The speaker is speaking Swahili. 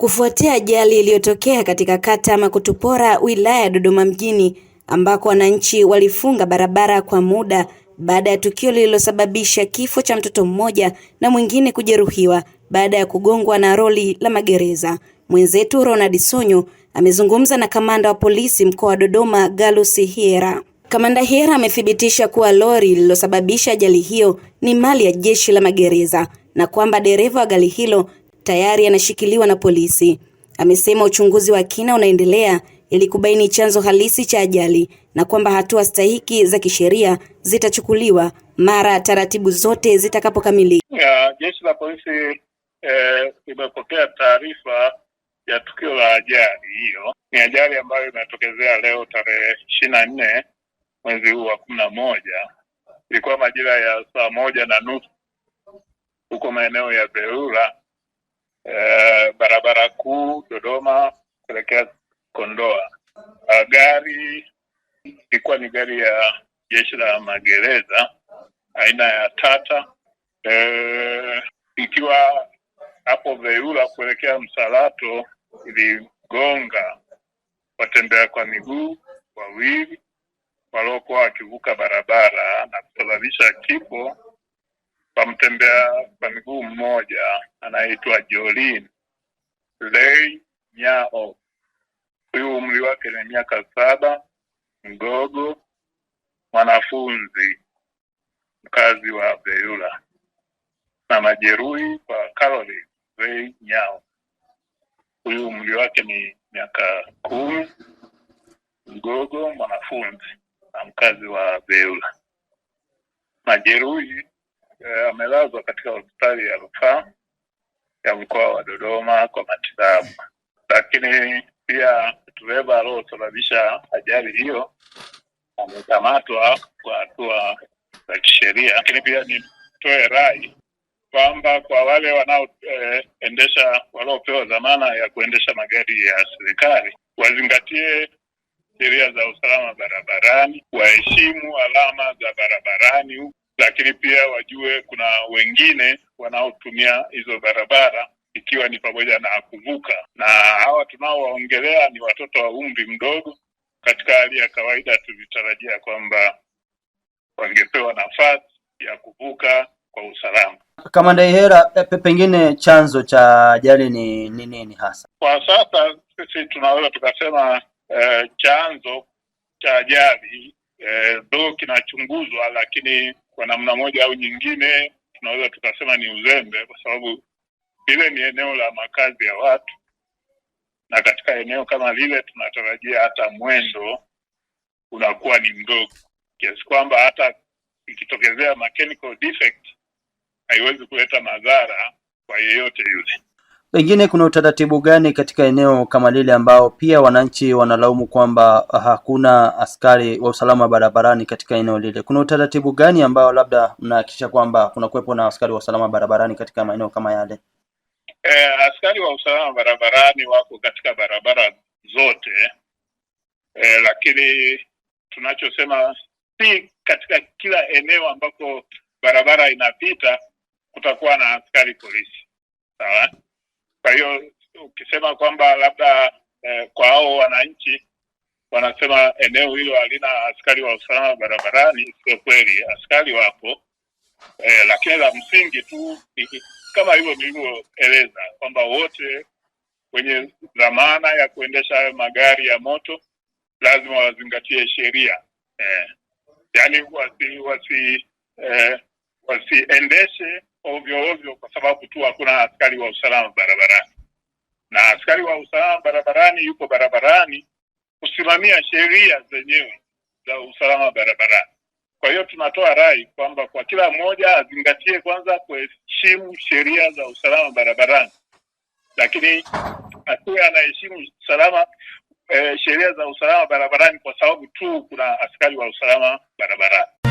Kufuatia ajali iliyotokea katika kata ya Makutupora wilaya ya Dodoma mjini ambako wananchi walifunga barabara kwa muda baada ya tukio lililosababisha kifo cha mtoto mmoja na mwingine kujeruhiwa baada ya kugongwa na roli la magereza. Mwenzetu Ronald Sonyo amezungumza na kamanda wa polisi mkoa wa Dodoma Galusi Hiera. Kamanda Hiera amethibitisha kuwa lori lililosababisha ajali hiyo ni mali ya jeshi la magereza na kwamba dereva wa gari hilo tayari anashikiliwa na polisi. Amesema uchunguzi wa kina unaendelea ili kubaini chanzo halisi cha ajali na kwamba hatua stahiki za kisheria zitachukuliwa mara taratibu zote zitakapokamilika. Jeshi la polisi eh, limepokea eh, taarifa ya tukio la ajali hiyo. Ni ajali ambayo imetokezea leo tarehe ishirini na nne mwezi huu wa kumi na moja. Ilikuwa majira ya saa moja na nusu huko maeneo ya Beura Eh, barabara kuu Dodoma kuelekea Kondoa. Uh, gari ilikuwa ni gari ya jeshi la magereza aina ya Tata uh, ikiwa hapo Veula kuelekea Msalato iligonga watembea kwa miguu wawili waliokuwa wakivuka barabara na kusababisha kifo kwa mtembea kwa miguu mmoja anaitwa Jolin Lei Nyao. Huyu umri wake ni miaka saba, mgogo, mwanafunzi, mkazi wa Beyula na majeruhi kwa Karoli Lei Nyao. Huyu umri wake ni miaka kumi, mgogo, mwanafunzi na mkazi wa Beyula. Majeruhi Eh, amelazwa katika hospitali ya rufaa ya mkoa wa Dodoma kwa matibabu, lakini pia dereva aliosababisha ajali hiyo amekamatwa kwa hatua za kisheria. Lakini pia nitoe rai kwamba kwa wale wanaoendesha eh, waliopewa dhamana ya kuendesha magari ya serikali wazingatie sheria za usalama barabarani, waheshimu alama za barabarani lakini pia wajue kuna wengine wanaotumia hizo barabara ikiwa ni pamoja na kuvuka, na hawa tunaowaongelea ni watoto wa umri mdogo. Katika hali ya kawaida tulitarajia kwamba wangepewa nafasi ya kuvuka kwa usalama. Kamanda Ihera, pengine chanzo cha ajali ni nini? Ni, hasa kwa sasa sisi tunaweza tukasema eh, chanzo cha ajali eh, do kinachunguzwa, lakini kwa namna moja au nyingine tunaweza tukasema ni uzembe, kwa sababu ile ni eneo la makazi ya watu, na katika eneo kama lile tunatarajia hata mwendo unakuwa ni mdogo kiasi kwamba hata ikitokezea mechanical defect haiwezi kuleta madhara kwa yeyote yule. Pengine kuna utaratibu gani katika eneo kama lile ambao pia wananchi wanalaumu kwamba hakuna askari wa usalama barabarani katika eneo lile? Kuna utaratibu gani ambao labda mnahakikisha kwamba kuna kuwepo na askari wa usalama barabarani katika maeneo kama yale? Eh, askari wa usalama barabarani wako katika barabara zote eh, lakini tunachosema si katika kila eneo ambako barabara inapita kutakuwa na askari polisi. Sawa? Kwa hiyo ukisema kwamba labda eh, kwa hao wananchi wanasema eneo hilo halina askari wa usalama barabarani, sio kweli, askari wapo eh, lakini la msingi tu kama hivyo nilivyoeleza kwamba wote wenye dhamana ya kuendesha hayo magari ya moto lazima wazingatie sheria eh, yani wasi, wasi eh, wasiendeshe ovyo ovyo kwa sababu tu hakuna askari wa usalama barabarani, na askari wa usalama barabarani yuko barabarani kusimamia sheria zenyewe za usalama barabarani. Kwa hiyo tunatoa rai kwamba kwa kila mmoja azingatie kwanza kuheshimu sheria za usalama barabarani, lakini asiwe anaheshimu salama e, sheria za usalama barabarani kwa sababu tu kuna askari wa usalama barabarani.